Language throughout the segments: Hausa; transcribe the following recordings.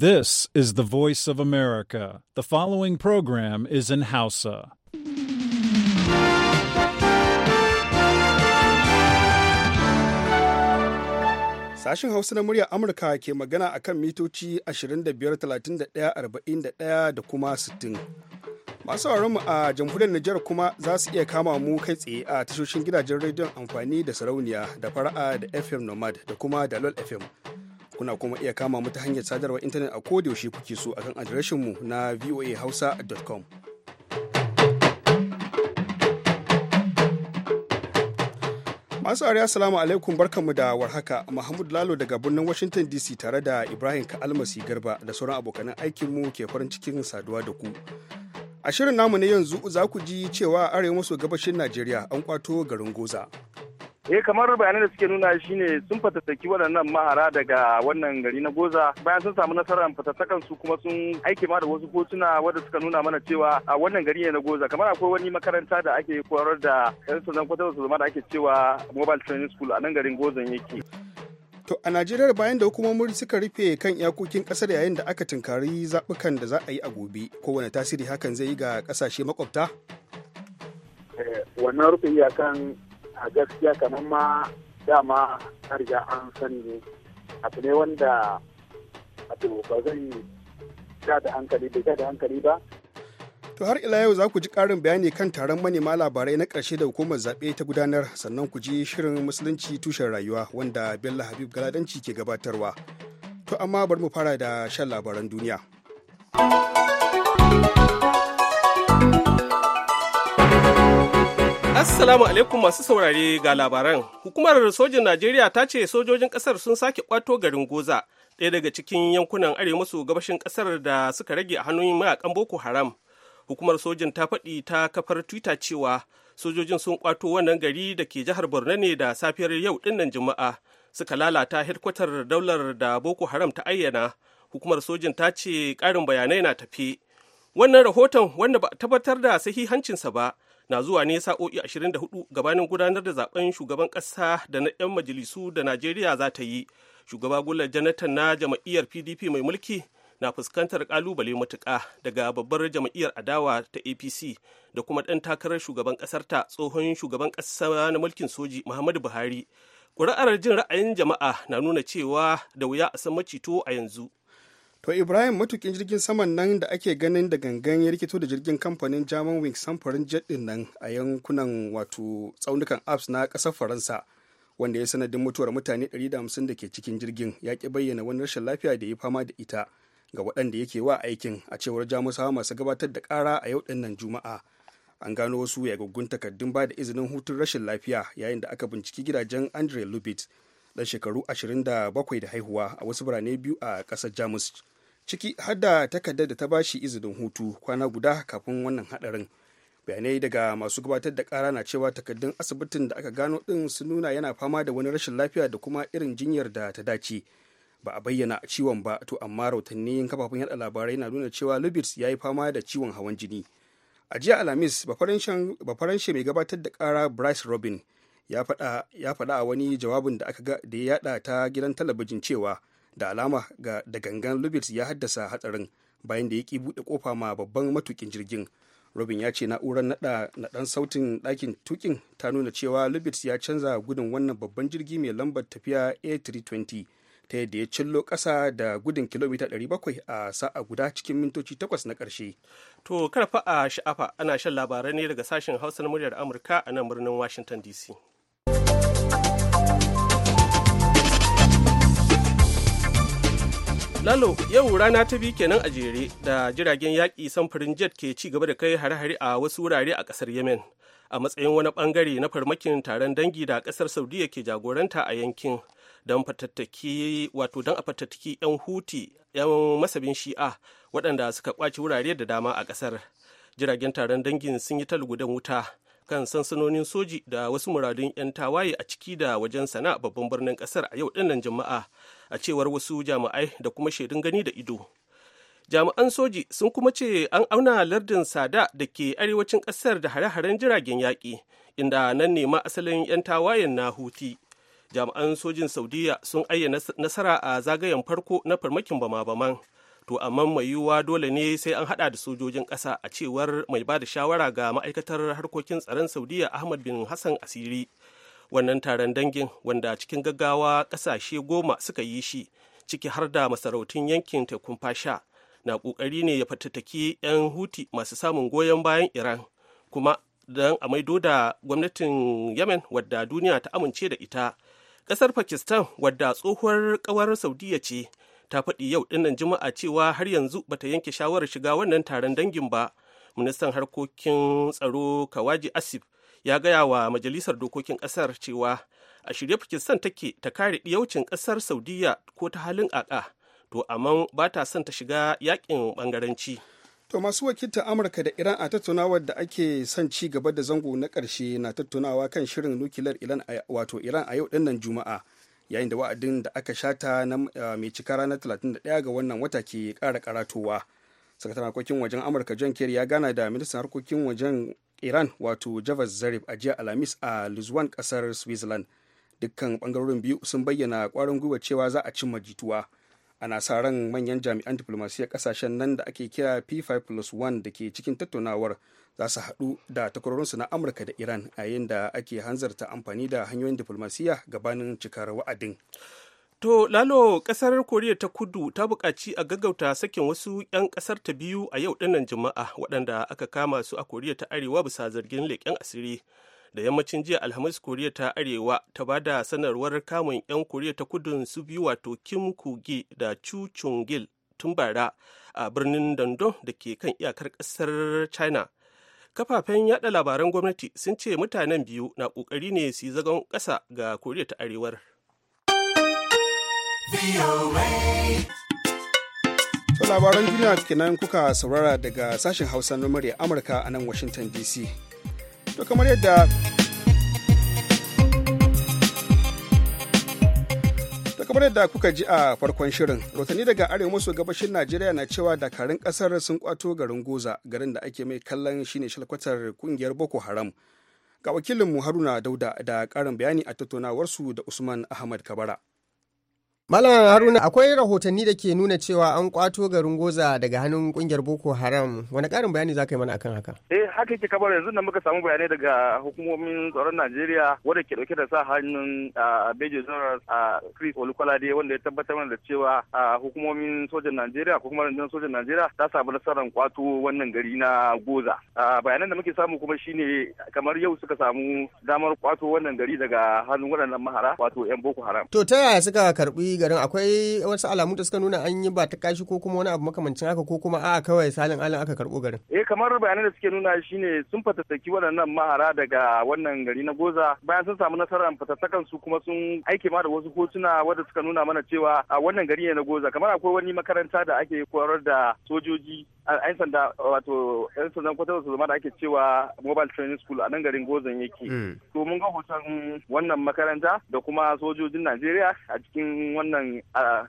This is the voice of America. The following program is in Hausa. Sashen Hausa na murya Amurka ke magana a kan mitoci 25,31,41 da kuma 60. Masu mu a jamhuriyar Nijar kuma za su iya kama mu kai tsaye a tashoshin gidajen rediyon amfani da sarauniya da fara'a da FM Nomad da kuma Dalol FM. Kuna kuma iya kama mu ta hanyar sadarwar intanet a ko yaushe kuke so akan mu na voahausa.com. Masu ariya salamu alaikum barkanmu da warhaka Mahmud Lalo daga birnin Washington DC tare da Ibrahim Kalmasi Garba da sauran abokanan aikinmu ke farin cikin saduwa da ku. A shirin namu na yanzu za ku ji cewa arewa maso gabashin Najeriya an kwato garin Goza. eh kamar bayanan da suke nuna shine sun fatattaki waɗannan mahara daga wannan gari na goza bayan sun samu nasarar fatattakan su kuma sun aike ma da wasu hotuna wanda suka nuna mana cewa a wannan gari ne na goza kamar akwai wani makaranta da ake koyar da yan sandan kwatar su zama da ake cewa mobile training school a nan garin gozan yake To a Najeriya bayan da hukumomin suka rufe kan iyakokin kasar yayin da aka tunkari zaɓukan da za a yi a gobe, kowane tasiri hakan zai yi ga ƙasashe makwabta? Eh, wannan rufe iyakan a gaskiya kamar ma dama har ya an sani ne abu ne wanda wato ba zai ja da hankali bai da hankali ba To har ila yau za ku ji ƙarin bayani kan taron manema labarai na ƙarshe da hukumar zaɓe ta gudanar sannan ku ji shirin musulunci tushen rayuwa wanda Bello Habib Galadanci ke gabatarwa. To amma bari mu fara da shan labaran duniya. Assalamu alaikum masu saurare ga labaran. Hukumar sojin Najeriya ta ce sojojin kasar sun sake kwato garin Goza, ɗaya daga cikin yankunan arewa maso gabashin kasar da suka rage a hannun mayakan Boko Haram. Hukumar sojin ta faɗi ta kafar Twitter cewa sojojin sun kwato wannan gari da ke jihar Borno ne da safiyar yau dinnan Juma'a. Suka lalata hedkwatar daular da Boko Haram ta ayyana. Hukumar sojin ta ce ƙarin bayanai na tafi. Wannan rahoton wanda ba tabbatar da sahihancinsa ba, na zuwa ne sa'o'i 24 gabanin gudanar da zaben shugaban ƙasa da na 'yan majalisu da najeriya za ta yi shugaba gullar janatan na jam'iyyar pdp mai mulki na fuskantar kalubale matuka daga babbar jam'iyyar adawa ta apc da kuma ɗan takarar shugaban ta tsohon shugaban ƙasa na mulkin soji muhammadu buhari ƙuri'ar jin ra'ayin jama'a na nuna cewa da wuya a san macito a yanzu To Ibrahim matukin jirgin saman nan da ake ganin da gangan ya rikito da jirgin kamfanin German Wings samfurin jet din nan a yankunan wato tsaunukan Alps na kasar Faransa wanda ya sanadin mutuwar mutane 150 da ke cikin jirgin ya ki bayyana wani rashin lafiya da ya fama da ita ga waɗanda yake wa aikin a cewar jamusawa masu gabatar da ƙara a yau ɗin nan Juma'a. An gano wasu ya yagaggun takardun ba da izinin hutun rashin lafiya yayin da aka binciki gidajen Andre Lubitz dan shekaru 27 da haihuwa a wasu birane biyu a kasar Jamus. ciki har da takardar da ta ba shi izinin hutu kwana guda kafin wannan hadarin bayanai daga masu gabatar da kara na cewa takardun asibitin da aka gano din sun nuna yana fama da wani rashin lafiya da kuma irin jinyar da ta dace ba a bayyana a ciwon ba to amma rautanni kafafen yada labarai na nuna cewa lubits ya yi fama da ciwon hawan jini a jiya alhamis bafaranshe mai gabatar da kara bryce robin ya faɗa a wani jawabin da aka da ya yada ta gidan talabijin cewa da alama ga da gangan lubitz ya haddasa hatsarin bayan da ya ki buɗe kofa ma babban matukin jirgin robin ya ce na'urar naɗa naɗan sautin ɗakin tukin ta nuna cewa lubitz ya canza gudun wannan babban jirgi mai lambar tafiya a320 ta yadda ya cillo ƙasa da gudun kilomita 700 a sa'a guda cikin mintoci takwas na ƙarshe. To karfa a sha'afa ana shan labarai ne daga sashen Hausa na muryar Amurka a nan birnin Washington DC. Lalo yau rana ta biyu kenan a jere da jiragen yaƙi samfurin jet ke ci gaba da kai hare-hare a wasu wurare a ƙasar Yemen a matsayin wani ɓangare na farmakin taron dangi da ƙasar Saudiya ke jagoranta a yankin don fatattaki wato don a fatattaki 'yan huti 'yan masabin shi'a waɗanda suka ƙwace wurare da dama a ƙasar. Jiragen taron dangin sun yi ta lugudan wuta kan sansanonin soji da wasu muradun 'yan tawaye a ciki da wajen sana'a babban birnin kasar a yau dinnan jama'a a cewar wasu jami'ai da kuma shaidun gani da ido jami'an soji sun kuma ce an auna lardin sada da ke arewacin kasar da hare-haren jiragen yaƙi inda nan nema asalin 'yan tawayen na huti jami'an sojin saudiya sun ayyana nasara a zagayen farko na farmakin bama-baman to amma mai yiwuwa dole ne sai an hada da sojojin ƙasa a cewar mai ba da shawara ga ma'aikatar harkokin tsaron saudiya ahmad bin hassan asiri wannan taron dangin wanda cikin gaggawa ƙasashe goma suka yi shi ciki har da masarautun yankin tekun fasha na ƙoƙari ne ya fatattaki 'yan huti masu samun goyon bayan iran kuma don a maido da gwamnatin yemen wadda duniya ta amince da ita ƙasar pakistan wadda tsohuwar ƙawar saudiya ce ta faɗi yau dinnan juma'a cewa har yanzu bata yanke shawarar shiga wannan taron dangin ba ministan harkokin tsaro kawaji asif ya gaya wa majalisar dokokin ƙasar cewa a shirye pakistan take ta kare ɗiyaucin ƙasar saudiya ko ta halin aka to amma ba ta son ta shiga yakin bangaranci. To masu wakiltar Amurka da Iran a tattaunawar da ake son ci gaba da zango na ƙarshe na tattaunawa kan shirin nukiliyar Iran a yau dinnan Juma'a. yayin da wa'adin da aka shata na eh, mai cika ranar 31 ga wannan wata ke ƙara karatowa sakataren harkokin wajen amurka john kerry ya gana da ministan harkokin wajen iran wato javas zarif a jiya alhamis a luzwan kasar switzerland dukkan bangarorin biyu sun bayyana kwarin gwiwa cewa za a cimma jituwa ana sa ran manyan jami'an diplomasiyyar kasashen nan da ake kira p5 plus 1 da ke cikin tattaunawar za su haɗu da takwarorinsu na amurka da iran a yayin da ake hanzarta amfani da hanyoyin diflomasiyya gabanin cikar wa'adin to lalo kasar koriya ta kudu ta buƙaci a gaggauta sakin wasu 'yan ƙasar ta biyu a yau dinnan juma'a waɗanda aka kama su a koriya ta arewa bisa zargin leƙen asiri da yammacin jiya alhamis koriya ta arewa ta ba da sanarwar kamun 'yan koriya ta kudun su biyu wato kim kugi da chu chungil tun bara a birnin dandon da ke kan iyakar ƙasar china kafafen yada labaran gwamnati sun ce mutanen biyu na kokari ne su yi zagon ƙasa ga koriya ta arewar To labaran duniya kenan kuka saurara daga sashen hausa na murya amurka a nan washington dc to kamar yadda kamar yadda kuka ji a farkon shirin rotani daga arewa maso gabashin najeriya na cewa dakarun kasar sun kwato garin goza garin da ake mai kallon shine shalkwatar kungiyar boko haram ga wakilinmu haruna dauda da karin bayani a tattaunawarsu da usman ahmad kabara Malam Haruna akwai rahotanni da ke nuna cewa an kwato garin Goza daga hannun kungiyar Boko Haram. Wani ƙarin bayani za ka yi mana akan haka? Eh haka yake kamar yanzu da muka samu bayanai daga hukumomin tsaron Najeriya wanda ke dauke da sa hannun Beji a Chris Olukolade wanda ya tabbatar mana da cewa hukumomin sojan Najeriya ko kuma rundunar sojan Najeriya ta samu nasarar kwato wannan gari na Goza. Bayanan da muke samu kuma shine kamar yau suka samu damar kwato wannan gari daga hannun waɗannan mahara wato 'yan Boko Haram. To ta yaya suka karɓi garin akwai wasu alamu da suka nuna an yi ba ta kashi ko kuma wani abu makamancin haka ko kuma a'a kawai salin alin aka karbo garin. Eh kamar bayanan da suke nuna shi ne sun fatattaki waɗannan mahara daga wannan gari na Goza bayan sun samu nasarar fatattakan su kuma sun aike ma da wasu hotuna wanda suka nuna mana cewa a wannan gari ne na Goza kamar akwai wani makaranta da ake koyar da sojoji 'yan sanda wato 'yan sandan kwatar su zama da ake cewa mobile training school a nan garin gozon yake mm. to mun ga hoton wannan makaranta da kuma sojojin najeriya a cikin wannan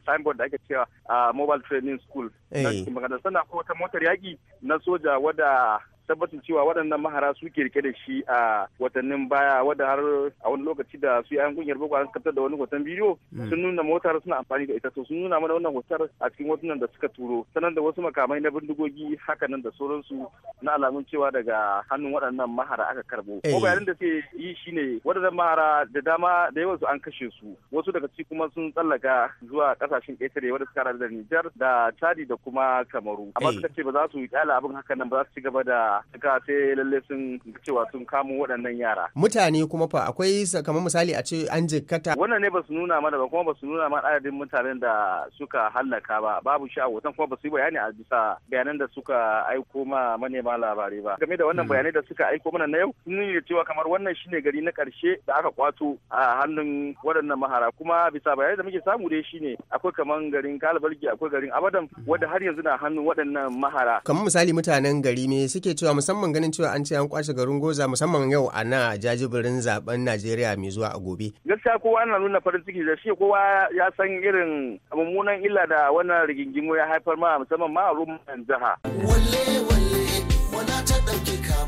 signboard da ake cewa mobile training school eh. na cikin makaranta sannan ko wata motar yaƙi na soja wadda tabbacin cewa waɗannan mahara su ke rike da shi a watannin baya wadda har a wani lokaci da su yayan kungiyar boko haram fitar da wani hoton bidiyo hmm. sun nuna motar suna amfani da ita to sun nuna mana wannan hotar a cikin nan da suka turo sanar da wasu makamai na bindigogi haka nan da sauransu na alamun cewa daga hannun waɗannan mahara aka karbo ko eh. bayanin da suke yi shine waɗannan mahara da dama da yawan su an kashe su wasu daga ciki kuma sun tsallaka zuwa kasashen ƙetare wadda suka da Nijar da Chadi da kuma Kamaru amma eh. suka ce ba za su abin haka nan ba za su ci gaba da suka ce lalle sun cewa sun kamo waɗannan yara. Mutane kuma fa akwai kamar misali a ce an jikkata. Wannan ne ba su nuna mana ba kuma ba su nuna mana adadin mutanen da suka hallaka ba babu shi a hoton kuma ba su yi bayani a bisa bayanan da suka aiko ma manema labarai ba. Game da wannan hmm. bayanai da suka aiko mana na yau sun nuna cewa kamar wannan shine gari na ƙarshe da aka kwato a hannun waɗannan mahara kuma bisa bayanai da muke samu dai shine akwai kamar garin Kalabalgi akwai garin Abadan hmm. wanda har yanzu na hannun waɗannan mahara. Kamar misali mutanen gari ne suke cewa cewa musamman ganin cewa an ce an kwace garin goza musamman yau a na jajibirin zaben najeriya mai zuwa a gobe gaskiya kowa na nuna farin ciki da shi kowa ya san irin mummunan illa da wannan rigingimu ya haifar ma musamman ma a rumman jiha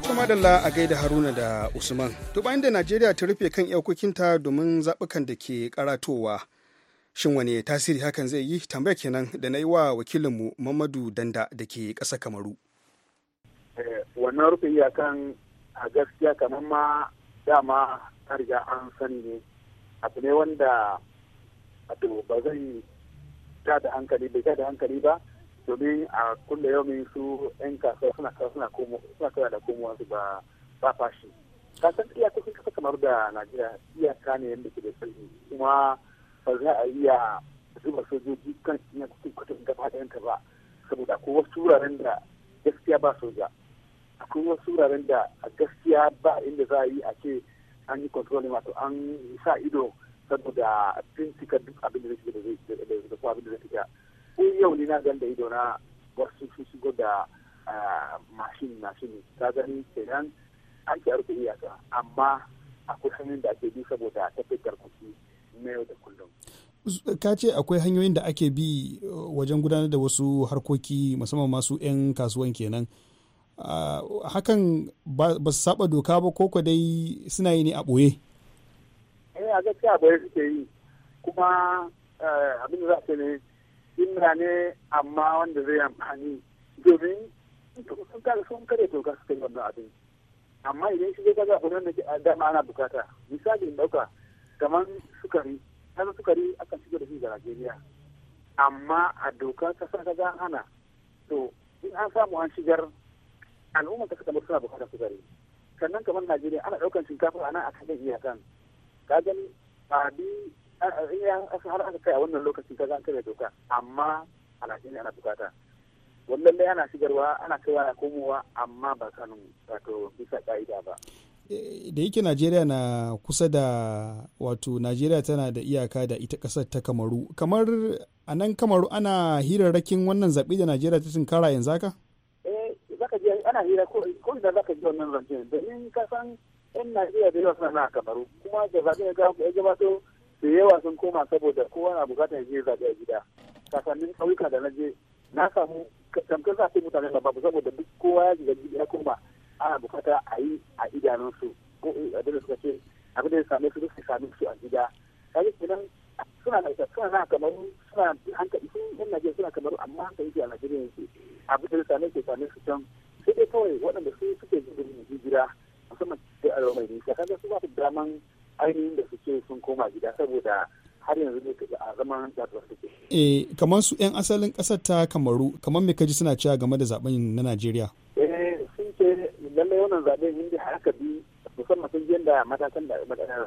kuma da a gaida haruna da usman to bayan da najeriya ta rufe kan iyakokinta domin zaɓukan da ke karatowa shin wani tasiri hakan zai yi tambaya kenan da na yi wa wakilinmu mamadu danda da ke ƙasa kamaru Eh, wannan rufe iyakan a gaskiya kamar ma dama an riga an sani ne abu ne wanda wato ba zai ta da hankali bai ta da hankali ba domin a kulle yau su 'yan kasuwa suna kawo suna kawo da komo su ba ba fashi kasan kusan kasa kamar da najeriya iyaka ne yadda ke da sani kuma ba za a iya zuba sojoji kan iyakokin kwatan gaba 'yanka ba saboda ko wasu wuraren da gaskiya ba soja akwai wasu wuraren da a gaskiya ba inda za a yi a ce an yi controlling wato an sa ido saboda bincika duk abin da zai da kuma abin da zai fita ko yau ne na gan da ido na wasu su shigo da mashin mashin ta gani kenan an ke arko iyaka amma akwai hanyoyin da ake bi saboda tafiyar kuɗi na yau da kullum ka ce akwai hanyoyin da ake bi uh, wajen gudanar da wasu harkoki musamman masu 'yan kasuwan kenan Ah, hakan ba su saba doka ba ko dai suna yi ne a ɓoye eh a gaskiya ɓoye suke yi kuma eh, abin da za su ne yin ne amma wanda zai amfani domin sun kare sun kare doka suka yi wannan abin amma idan shi zai kaga abin da dama ana bukata misali ɗauka kamar sukari kasan sukari akan shigo da shi ga Najeriya amma a doka kasa ta hana to in an samu an shigar al'ummar kasa kamar suna bukatar kuzari sannan kamar najeriya ana ɗaukar shinkafa a nan a kan iyakan ka gani ba bi iya ya har aka kai a wannan lokacin ka zan kare doka amma a najeriya ana bukata wannan dai ana shigarwa ana kaiwa na komowa amma ba kan wato bisa ka'ida ba eh, da yake najeriya na kusa da wato najeriya tana da iyaka da ita kasar ta kamaru kamar a nan kamaru ana hirarrakin wannan zaɓe da najeriya ta tunkara yanzu haka? ana hira ko da za ka ji wannan zancen domin ka san yan najeriya da yawa suna na kamaru kuma da zaɓe ya gaba to da yawa sun koma saboda kowa na bukatar je zaɓe a gida kasannin ƙauyuka da na je na samu tamkar za su mutane da babu saboda duk kowa ya shiga ya koma ana bukata a yi a idanunsu ko eh, abin da suka ce abin da ya same su suka same su a gida kaji kenan suna na suna na kamaru suna hankali sun yan najeriya suna kamaru amma hankali a najeriya yake abin da ya same su same su can sai dai kawai waɗanda su suke gudun hijira musamman cikin arewa ne nisa kaga su ba su daman ainihin da suke sun koma gida saboda har yanzu ne a zaman jatuwar suke. eh kamar su 'yan asalin ƙasar ta kamaru kamar me kaji suna cewa game da zaben na najeriya. eh sun ce lallai wannan zaben inda haka bi musamman sun yadda matakan da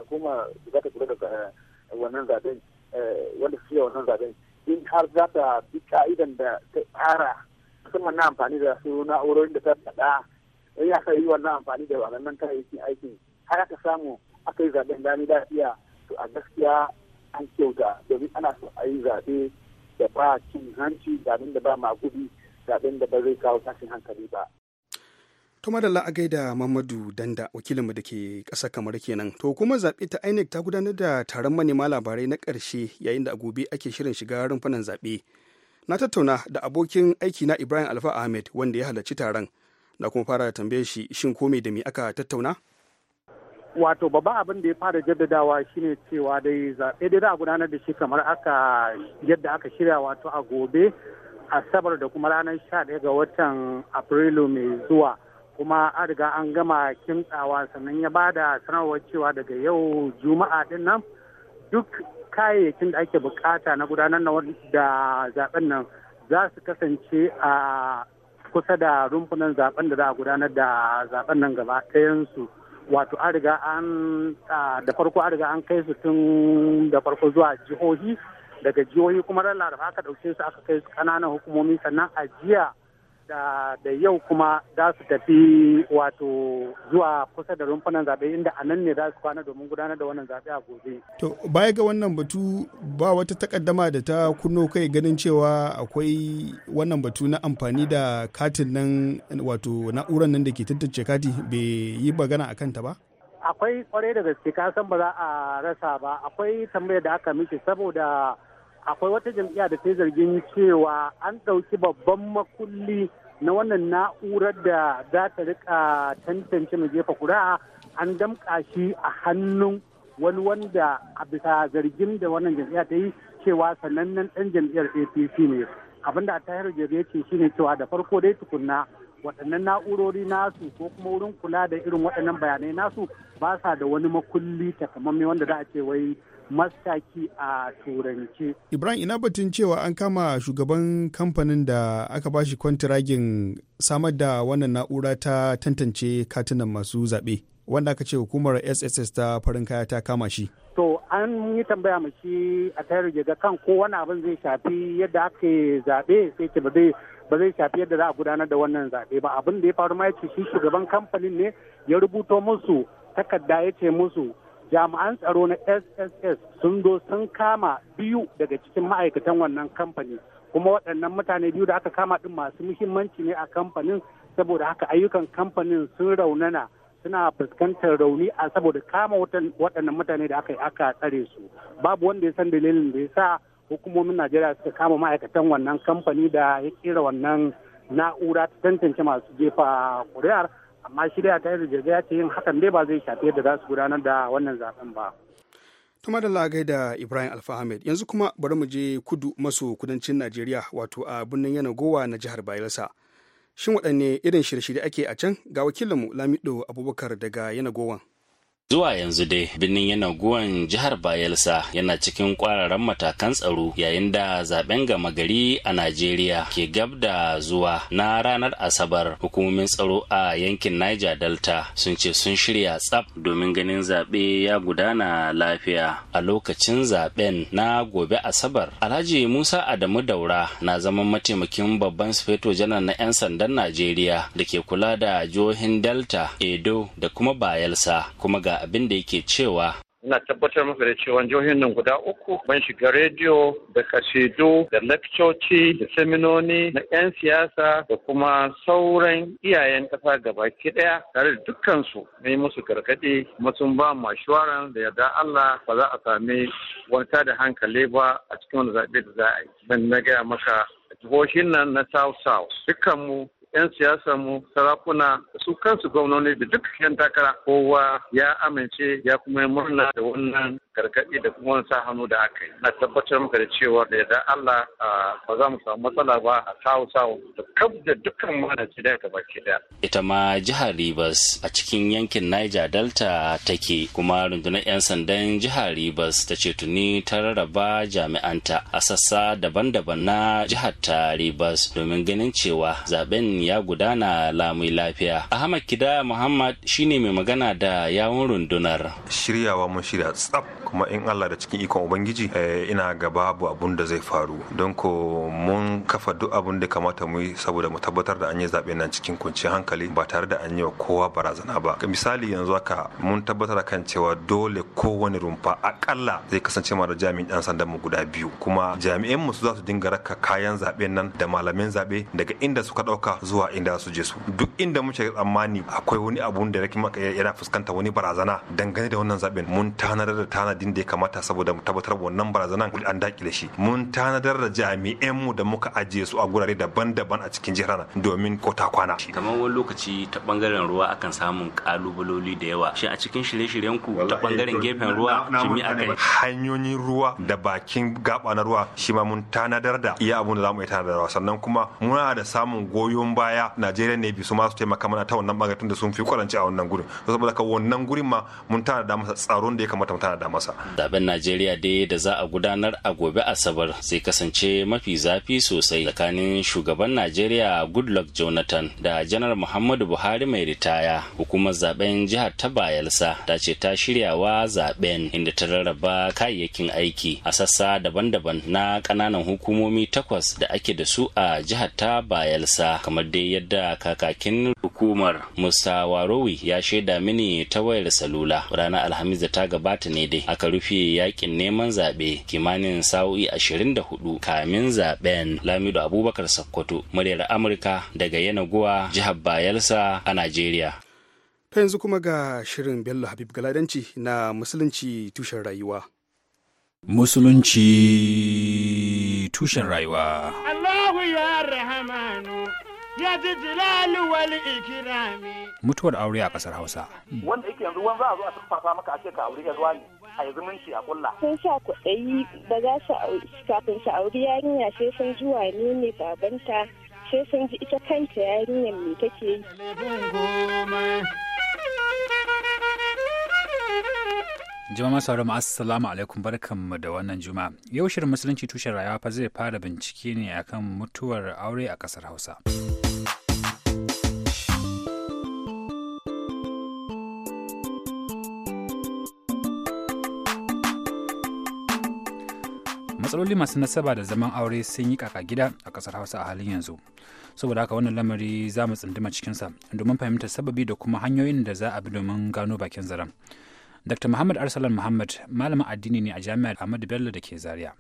kuma za ta kula da eh, wannan zaben eh, wanda su wannan zaben in har za ta bi ka'idan da ta tsara musamman wannan amfani da su na'urorin da ta faɗa in ya kai yi wannan amfani da waɗannan kayayyakin aiki har aka samu aka yi zaɓen dami lafiya to a gaskiya an kyauta domin ana so a yi zaɓe da ba cin hanci zaɓen da ba magudi zaɓen da ba zai kawo tashin hankali ba. To madalla a gaida Mamadu Danda wakilinmu da ke ƙasa kamar kenan. To kuma zaɓe ta INEC ta gudanar da taron manema labarai na ƙarshe yayin da a gobe ake shirin shiga rumfunan zaɓe. na tattauna da abokin aiki na ibrahim alfa ahmed wanda ya halarci taron na kuma fara da tambayar shi shin komai da me aka tattauna wato babban abin da ya fara jaddadawa shine cewa dai zaɓe dai za gudanar da shi kamar aka yadda aka shirya wato a gobe asabar da kuma ranar sha ɗaya ga watan afrilu mai zuwa kuma an riga an gama kimtsawa sannan ya bada da sanarwar cewa daga yau juma'a din nan duk kayayyakin da ake bukata na gudanar da zaben nan za su kasance a kusa da rumfunan zaben da za a gudanar da zaben nan gaba ɗayansu wato an riga an da farko an riga an kai su tun da farko zuwa jihohi daga jihohi kuma ran laraba aka ɗauke su aka kai su ƙananan hukumomi sannan a jiya da, da yau kuma za su tafi wato zuwa kusa da rumfunan zaɓe inda a nan ne za su kwana domin gudanar da wannan zaɓe a gobe. To baya ga wannan batu ba wata takaddama da ta kunno kai ganin cewa akwai wannan batu na amfani da katin nan wato na'urar nan da ke tantance kati bai yi magana a kanta ba? Akwai kwarai da gaske kasan ba za a rasa ba akwai tambayar da aka miki saboda akwai wata jam'iyya da ta yi zargin cewa an ɗauki babban makulli na wannan na'urar da za ta rika tantance mai jefa kuri'a an damka shi a hannun wani wanda a bisa zargin da wannan jam'iyya ta yi cewa sanannen ɗan jam'iyyar apc ne abinda a tahirar jabi ya ce shine cewa da farko dai tukunna waɗannan na'urori nasu ko kuma wurin kula da irin waɗannan bayanai nasu ba sa da wani makulli takamaimai wanda za a ce wai mastaki a turanci. Ibrahim ina batun cewa an kama shugaban kamfanin da aka bashi kwantiragin samar da wannan na'ura ta tantance katunan masu zaɓe wanda aka ce hukumar SSS ta farin kaya ta kama shi. To an yi tambaya mu shi a tayar ga kan ko wani abin zai shafi yadda aka zaɓe sai ce ba zai ba zai shafi yadda za a gudanar da wannan zaɓe ba abin da ya faru ma ya ce shi shugaban kamfanin ne ya rubuto musu takarda ya ce musu jami'an tsaro na sss sun zo sun kama biyu daga cikin ma'aikatan wannan kamfani kuma waɗannan mutane biyu da aka kama ɗin masu muhimmanci ne a kamfanin saboda haka ayyukan kamfanin sun raunana suna fuskantar rauni a saboda kama waɗannan mutane da aka yi aka tsare su babu wanda ya san dalilin da ya sa hukumomin najeriya suka kama ma'aikatan wannan kamfani da ya kera wannan na'ura ta tantance masu jefa kuri'ar amma shirya ta yi ya ce yin hakan dai ba zai shafi yadda za su gudanar da wannan zaben ba. tuma da lagai da ibrahim alfahamed yanzu kuma bari mu je kudu maso kudancin najeriya wato a birnin yana gowa na jihar bayelsa shin waɗanne irin shirye-shirye ake a can ga wakilinmu lamido abubakar daga yana gowan Zuwa yanzu dai birnin Yanaguwan jihar Bayelsa yana cikin kwararan matakan tsaro yayin da zaben gama gari a Najeriya ke gab da zuwa na ranar Asabar hukumomin tsaro a yankin Niger Delta sun ce sun shirya tsaf domin ganin zaɓe ya gudana lafiya a lokacin zaben na gobe Asabar. Alhaji Musa Adamu Daura na zaman mataimakin babban sufeto janar na 'yan sandan Najeriya da ke kula da jihohin Delta, Edo da kuma Bayelsa kuma ga abin da yake cewa ina tabbatar maka da cewa jihohin nan guda uku ban shiga rediyo da kasidu da lakcoci da seminoni na 'yan siyasa da kuma sauran iyayen kasa gabaki ɗaya tare da dukkansu na yi musu gargaɗi kuma sun ba mu da yarda Allah ba za a sami wata da hankali ba a cikin wani zaɓe da za a yi. Ban na gaya maka jihohin nan na South South dukkanmu 'yan siyasa mu sarakuna su kansu gwamnoni da duk yan takara kowa ya amince ya kuma murna da wannan gargaɗi da kuma sa hannu da aka yi na tabbatar maka da cewa da yadda Allah ba za mu samu matsala ba a kawo sawo da kaf da dukkan mana da gaba baki daya. Ita ma jihar Rivers a cikin yankin Niger Delta take kuma rundunar 'yan sandan jihar Rivers ta ce tuni ta rarraba jami'anta a sassa daban-daban na jihar ta Rivers domin ganin cewa zaben ya gudana lamai lafiya. Ahmad Kida Muhammad shine mai magana da yawun rundunar. Shiryawa mun shirya tsaf kuma in Allah da cikin ikon ubangiji eh, ina ga babu abun da zai faru don ko mun kafa duk abun da kamata mu saboda mu tabbatar da an yi zaɓe nan cikin kunci hankali ba tare da an yi wa kowa barazana ba misali yanzu haka mun tabbatar da kan cewa dole kowane rumfa akalla zai kasance ma da jami'in ɗan sandan mu guda biyu kuma jami'an mu su za su dinga raka kayan zaɓen nan da malamin zaɓe daga inda suka ɗauka zuwa inda su je su duk inda muke tsammani akwai wani abun da yana fuskanta wani barazana dangane da wannan zaɓen mun tanar da tana. adadin da ya kamata saboda mu tabbatar wannan barazanan an dakile shi mun tanadar da jami'an mu da muka ajiye su a gurare daban-daban a cikin jihar domin ko ta kwana kamar wani lokaci ta bangaren ruwa akan samun kalubaloli da yawa shi a cikin shirye-shiryen ku ta bangaren gefen ruwa jimi akai hanyoyin ruwa da bakin gaba na ruwa shi ma mun tanadar da iya abun da zamu iya ruwa. sannan kuma muna da samun goyon baya Najeriya ne bi su ma su taimaka mana ta wannan bangaren da sun fi kwaranci a wannan gurin saboda ka wannan gurin ma mun tanada masa tsaron da ya kamata mu tanada masa Zaɓen Zaben Najeriya dai da za a gudanar a gobe Asabar sai kasance mafi zafi sosai tsakanin shugaban Najeriya Goodluck Jonathan da janar Muhammadu Buhari mai ritaya. Hukumar zaben jihar ta Bayelsa ta ce ta shiryawa zaben inda ta rarraba kayayyakin aiki a sassa daban-daban na ƙananan hukumomi takwas da ake da su a jihar ta Bayelsa kamar dai yadda kakakin hukumar Musa Warowi ya shaida mini ta wayar salula ranar Alhamis da ta gabata ne dai aka rufe yakin neman zaɓe kimanin sa'o'i 24 kamin zaɓen lamido abubakar sakkwato muryar amurka daga yanaguwa jihar bayelsa a nigeria ta yanzu kuma ga shirin bello habib galadanci na musulunci tushen rayuwa musulunci tushen rayuwa Allahu ya rahamanu Mutuwar aure a ƙasar Hausa. Wanda yake yanzu wani za a zo a tafafa maka a ce ka aure ya zuwa ne. a yi zumunci a kulla. Sun sa kwaɗayi ba za su kafin su auri yarinya sai sun zuwa ne ne babanta sai sun ji ita kanta yarinyar me take yi. Jama'a sauran assalamu alaikum barkanmu da wannan juma Yau shirin musulunci tushen rayuwa fa zai fara bincike ne akan mutuwar aure a kasar Hausa. matsaloli masu nasaba da zaman aure sun yi kaka gida a kasar hausa a halin yanzu saboda haka wannan lamari za mu tsunduma cikinsa domin fahimtar sababi da kuma hanyoyin da za a bi domin gano bakin zaren dr muhammad arsalan muhammad malamin addini ne a jami'ar ahmadu bello da ke zaria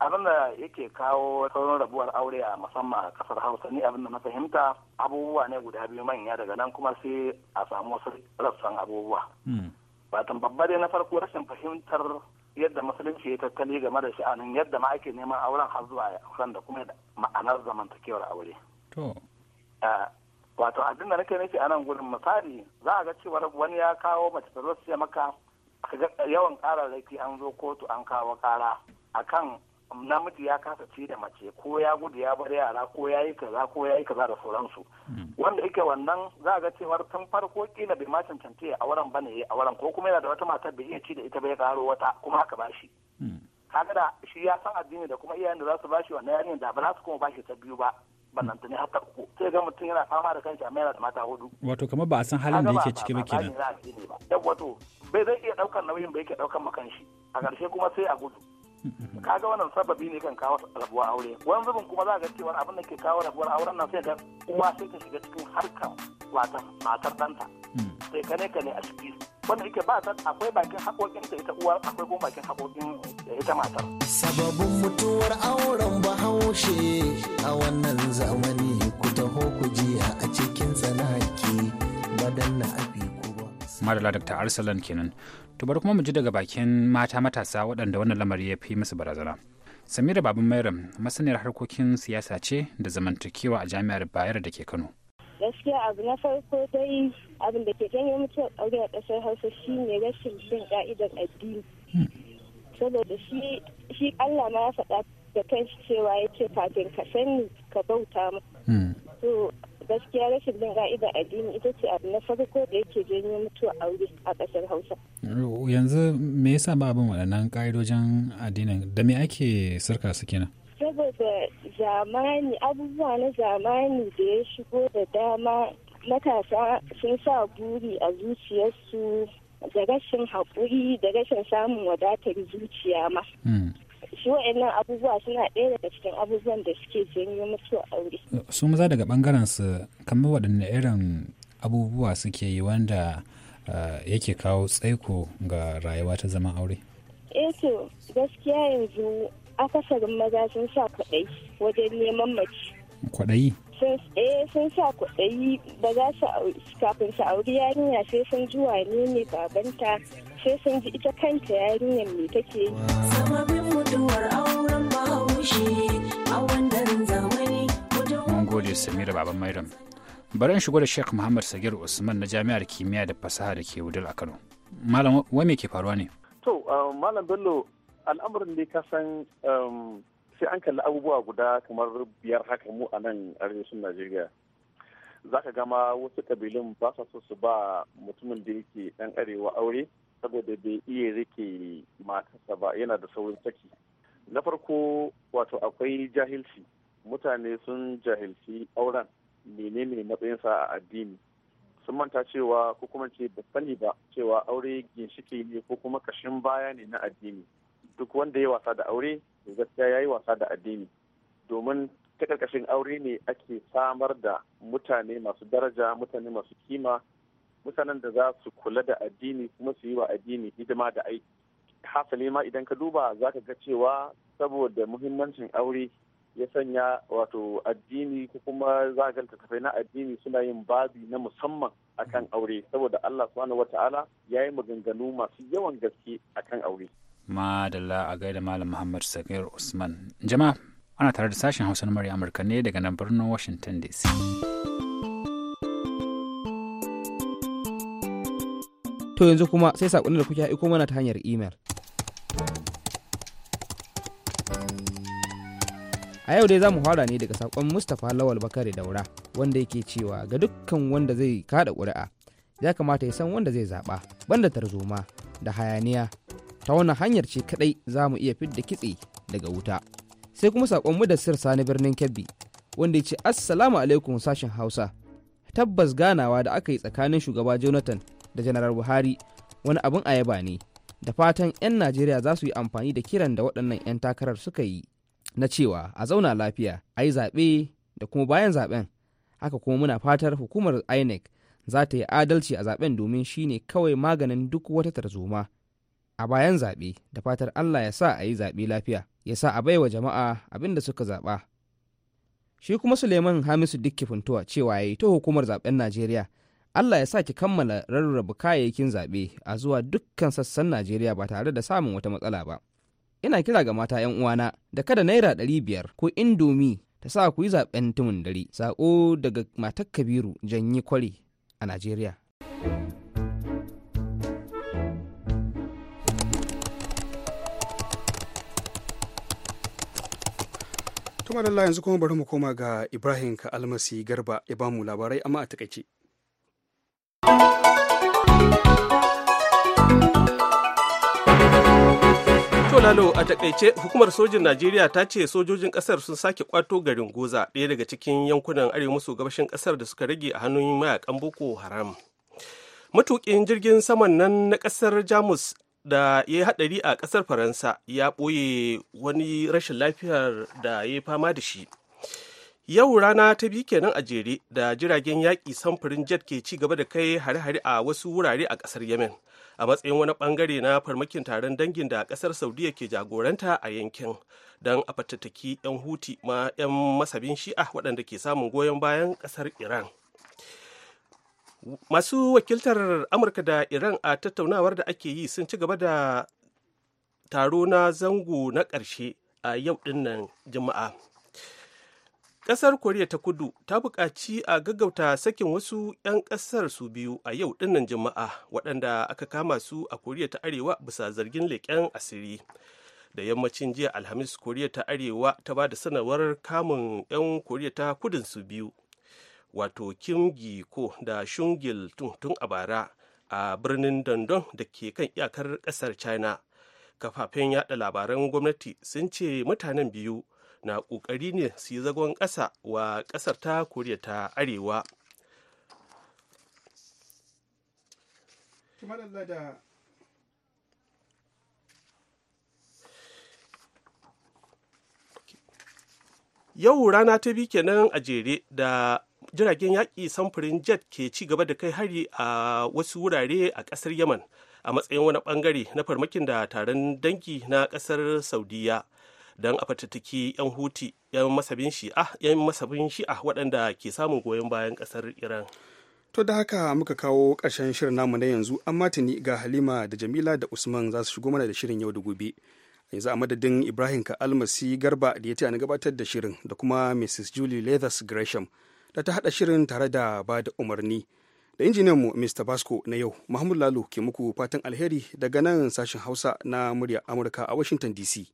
abin da yake kawo saurin rabuwar aure a musamman a kasar hausa ni abin da na fahimta abubuwa ne guda biyu manya daga nan kuma sai a samu wasu rassan abubuwa hmm. watan babba dai na farko rashin fahimtar yadda musulunci ya tattali game da sha'anin yadda ma ake neman auren har zuwa auren da kuma ma'anar zamantakewar aure. Wato abin da nake nufi a nan gudun misali za a ga cewa wani ya kawo mace ta zo maka yawan ƙara laifi an zo kotu an kawo ƙara akan namiji ya kasa ci da mace ko ya gudu ya bar yara ko ya yi kaza ko ya yi kaza da sauransu hmm. wanda yake wannan za ga cewar tun farko kila bai ma cancanci ya wurin bane a wurin ko kuma yana da wata mata bai iya ci da ita bai karo wata kuma haka ba shi hmm. kaga da shi ya san addini da kuma iyayen da za su ba shi wannan yarin da ba za su kuma ba shi ta biyu ba bannan tuni haka uku sai ga mutum yana fama da kanshi amma yana da mata hudu wato kamar ba a san halin da yake ciki ba kenan wato bai zai iya daukar nauyin ba yake daukar makanshi. a ƙarshe kuma sai a gudu kaga wannan sababi ne kan kawo rabuwar aure wani zubin kuma za ga cewa abin da ke kawo rabuwar auren nan sai ga uwa sai ta shiga cikin harkar watan matar danta hmm. sai kane kane a ciki wanda yake ba san akwai bakin haƙoƙin ta ita uwar akwai kuma bakin haƙoƙin ita matar sababin mutuwar auren bahaushe a wannan zamani ku taho ku jiya a cikin tsanaki badan na abi madala dr arsalan kenan To bari kuma mu ji daga bakin mata matasa waɗanda wannan lamari ya fi musu barazana. Samira Baban Mairam masaniyar harkokin siyasa ce da zamantakewa a jami'ar Bayero da ke Kano. Gaskiya abu na farko dai abin da ke janyo mutuwar aure a kasar Hausa shi ne rashin bin ka'idar addini. Hmm. Saboda shi Allah ma ya faɗa da kanshi cewa ya ce kafin ka sani ka bauta mu. gaskiya rashin bin ka'idar addini ita ce abu na farko da yake janyo mutuwa aure a ƙasar hausa yanzu me yasa ba abin waɗannan ƙa'idojin addinin da me ake sarka su kenan saboda zamani abubuwa na zamani da ya shigo da dama matasa sun sa buri a zuciyarsu da rashin haƙuri da rashin samun wadatar zuciya ma hmm. shi wa'annan abubuwa suna ɗaya daga cikin abubuwan da suke janyo mutu aure. su maza daga bangaren su kamar waɗanne irin abubuwa suke yi wanda eh, yake kawo tsaiko ga rayuwa ta zama aure. eh to gaskiya yanzu akasarin maza sun sa kwaɗayi wajen neman mace. kwaɗayi? eh sun sa kwaɗayi ba za su kafin su auri yarinya sai sun ji wane ne babanta sai sun ji ita kanta yarinyar me take yi. mutuwar auren bahaushe a gode samira baban mairam bari shigo da sheikh muhammad sagir usman na jami'ar kimiyya da fasaha da ke wudil a kano malam wai me ke faruwa ne to uh, malam bello al'amarin da ka san um, sai an kalli abubuwa guda kamar biyar haka mu a nan arewacin najeriya za ka gama wasu kabilun ba sa so su ba mutumin da yake dan arewa aure saboda bai iya rike matarsa ba yana da saurin saki na farko wato akwai jahilci mutane sun jahilci auren menene matsayinsa a addini sun manta cewa ko kuma ce da sani ba cewa aure ginshiki ne ko kuma kashin baya ne na addini duk wanda ya wasa da aure gaskiya ya yi wasa da addini domin ta karkashin aure ne ake samar da mutane masu daraja mutane masu kima mutanen da za su kula da addini kuma su yi wa addini hidima da aiki hasali ma idan ka duba za ka ga cewa saboda muhimmancin aure ya sanya wato addini ko kuma za na addini suna yin babi na musamman akan aure saboda Allah subhanahu wata'ala ya yi maganganu masu yawan gaske akan aure. Madalla a gaida Malam Muhammad Sagir Usman. Jama'a ana tare da sashen Hausa na Amurka ne daga nan birnin Washington DC. To yanzu kuma sai sakonin da kuke aiko mana ta hanyar imel. A yau dai za mu fara ne daga sakon Mustapha Lawal Bakare Daura wanda yake cewa ga dukkan wanda zai kada ƙuri'a ya kamata ya san wanda zai zaɓa banda tarzoma da hayaniya ta wannan hanyar ce kaɗai za mu iya fidda kitse daga wuta. Sai kuma sakon mu da sir sani birnin Kebbi wanda ya ce Assalamu alaikum sashen Hausa. Tabbas ganawa da aka yi tsakanin shugaba Jonathan da janar buhari wani abin ayaba ne da fatan 'yan najeriya za su yi amfani da kiran da waɗannan 'yan takarar suka yi na cewa a zauna lafiya a yi zaɓe da kuma bayan zaɓen haka kuma muna fatar hukumar inec za ta yi adalci a zaɓen domin shine kawai maganin duk wata tarzoma a bayan zaɓe da fatar allah ya sa a yi zaɓe lafiya ya sa a bai wa jama'a abin da suka zaɓa shi kuma suleiman hamisu dikki funtuwa cewa ya yi ta hukumar zaɓen najeriya Allah ya sa ki kammala rarraba kayayyakin zaɓe a zuwa dukkan sassan Najeriya ba tare da samun wata matsala ba. Ina kira ga mata 'yan uwana da kada naira ɗari biyar ko indomi ta sa ku yi zaɓen tumun dare. Sako daga matar Kabiru Janyi Kwari a Najeriya. Allah yanzu kuma bari mu koma ga Ibrahim Ka Almasi Garba ya ba mu labarai amma a takaice. Lalo a takaice hukumar sojin Najeriya ta ce sojojin kasar sun sake kwato garin Goza ɗaya daga cikin yankunan arewa maso gabashin kasar da suka rage a hannun mayakan Boko Haram. Matukin jirgin saman nan na kasar Jamus da ya yi haɗari a kasar Faransa ya ɓoye wani rashin lafiyar da ya yi fama da shi. Yau rana ta biyu kenan a jere da jiragen yaƙi samfurin jet ke ci gaba da kai hare-hare a wasu wurare a ƙasar Yemen. a matsayin wani bangare na farmakin taron dangin da kasar saudiya ke jagoranta a yankin don a fatattaki 'yan huti ma 'yan masabin shi'a waɗanda ke samun goyon bayan kasar iran masu wakiltar amurka da iran a tattaunawar da ake yi sun ci gaba da taro na zango na ƙarshe a yau ɗinnan juma'a Ƙasar Koriya ta kudu ta buƙaci a gaggauta sakin wasu 'yan ƙasar su biyu a yau dinnan Juma'a waɗanda aka kama su a Koriya ta Arewa bisa zargin leƙen asiri. Da yammacin jiya Alhamis Koriya ta Arewa ta ba da sanarwar kamun 'yan Koriya ta kudin su biyu. Wato Kim Gi Ko da Shungil tun a bara a birnin Dondon da ke kan iyakar ƙasar China. Kafafen yaɗa labaran gwamnati sun ce mutanen biyu na ƙoƙari ne su yi zagon ƙasa wa ƙasar ta koriya ta arewa yau rana ta biyu kenan a jere da jiragen yaƙi samfurin jet ke ci gaba da kai hari a wasu wurare a ƙasar yaman a matsayin wani ɓangare na farmakin da taron dangi na ƙasar saudiya don a fatattaki 'yan huti 'yan masabin shi'a ah, yan masabin shi'a ah, waɗanda ke samun goyon bayan ƙasar iran to da haka muka kawo ƙarshen shirin namu na yanzu amma tuni ga halima da jamila da usman za su shigo mana da shirin yau da gobe yanzu a madadin ibrahim ka almasi garba da ya ce na gabatar da shirin da kuma mrs julie leathers gresham da ta haɗa shirin tare da ba da umarni da injiniyan mu mr basco na yau mahmud lalu ke muku fatan alheri daga nan sashen hausa na murya amurka a washington dc